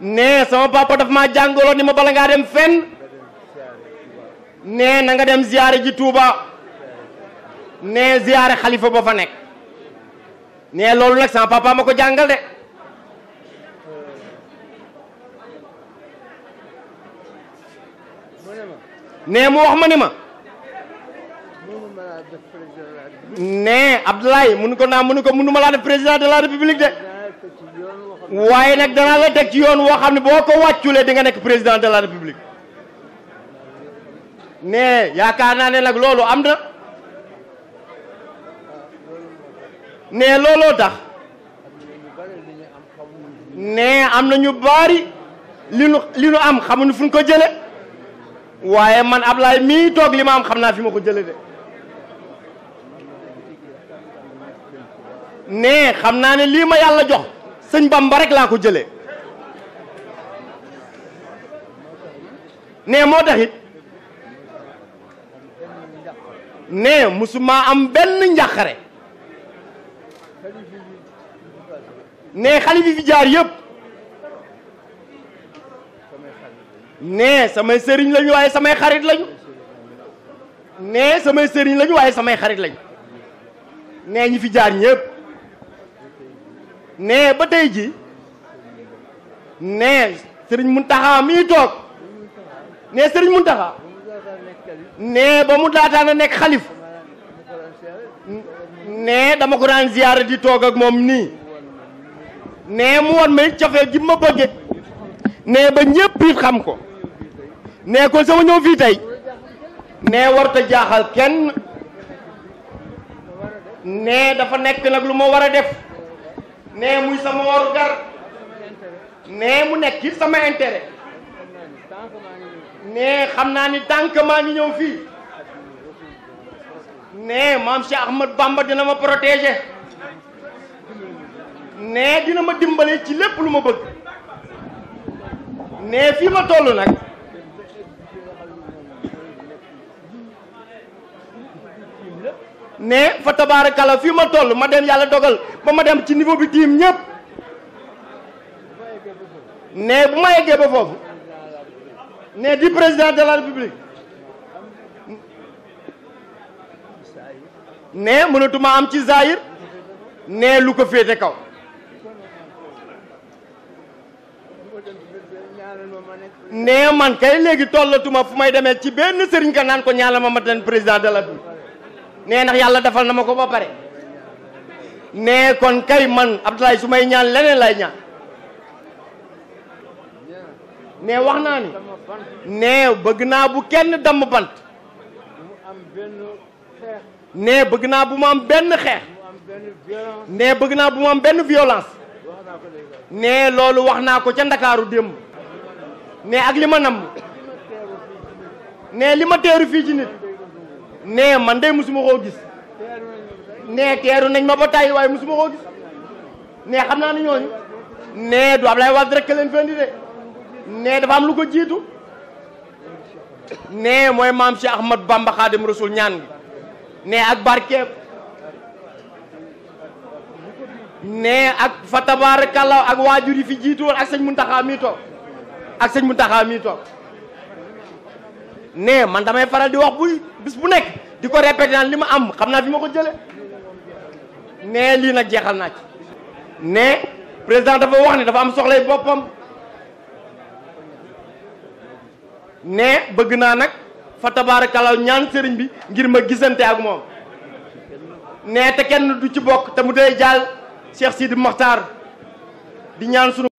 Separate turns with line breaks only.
nee sama papa daf maa jàngaloon ni ma bala dem fenn nee na nga dem ziyaare ji Touba nee ziyaare xalifa ba fa nekk nee loolu nag sama papa ma ko jàngal de. nee mu wax ma ni ma. nee Abdoulaye munu ko naa munu ko munu ma laa def président de la république de. waaye nag danaa la teg ci yoon woo xam ne boo ko wàcculee di nga nekk président de la république ne yaakaar naa ne nag loolu am na ne looloo tax ne am na ñu baari li nu am xamuñu fu ñu ko jële waaye man Ablaye mii toog li ma am xam naa fi ma ko jële de ne xam naa ne lii ma yàlla jox sëñ Bamba rek laa ko jëlee ne moo taxit ne musuma am benn njàqare ne xale bi fi jaar yëpp ne samay sëriñ lañu waaye samay xarit lañu ne samay sëriñ lañu waaye samay xarit lañu ne ñi fi jaar ñëpp nee ba tey ji nee sëriñ Muntaxa mii toog nee sëriñ Muntaxa nee ba mu daataan a nekk xalif nee dama ko daan ziyaare di toog ak moom nii nee mu won ma cofee ji ma bëggee nee ba ñëpp it xam ko nee kon sama ñëw fii tey nee warta jaaxal kenn nee dafa nekk nag lu ma war a def nee muy sama waru nee mu nekk it sama intérêt nee xam naa ni tànk maa ngi ñëw fii nee maam Cheikh Ahmad Bamba dina ma protéger nee dina ma dimbale ci lépp lu ma bëgg nee fii ma toll nag. ne fa tabaarakala fii ma toll ma dem yàlla dogal ma ma dem ci niveau bi tiim ñépp ne bu ma yeggee ba foofu ne di président de la république ne mënatuma am ci zahir ne lu ko féete kaw ne man kay léegi tollatuma fu may demee ci benn sëriñ ka naan ko ñaanal ma ma den président de la république nee ndax yàlla defal na ma ko ba pare nee kon kay man Abdoulaye su may ñaan leneen lay ñaan nee wax naa ni nee bëgg naa bu kenn damm bant nee bëgg naa bu mu am benn xeex nee bëgg naa bu mu am benn violence nee loolu wax naa ko ca Ndakaaru démb nee ak li namm nee li teeru fii nee man de musuma koo gis nee teeru nañ ma ba tàyyi waaye musuma koo gis nee xam naa ne ñooñu nee du Ablaye Wade rek leen fendi de nee dafa am lu ko jiitu nee mooy maam Cheikh Ahmad Bamba Khadim Rasul ñaan gi nee ak barkeeb nee ak fa tabarakallah ak waajur yi fi jiitu woon ak sëñ mu mi toog ak sëñ Muntaxa mi ne man damay faral di wax buy bis bu nekk di ko répété naan li ma am xam naa fi ma ko jële ne lii nag jeexal naa ci ne président dafa wax ne dafa am soxlay boppam ne bëgg naa nag fa tabaarakalaw ñaan sëriñ bi ngir ma gisante ak moom ne te kenn du ci bokk te mu dee jaal Cheikh Sidi Mokhtar di ñaan sunu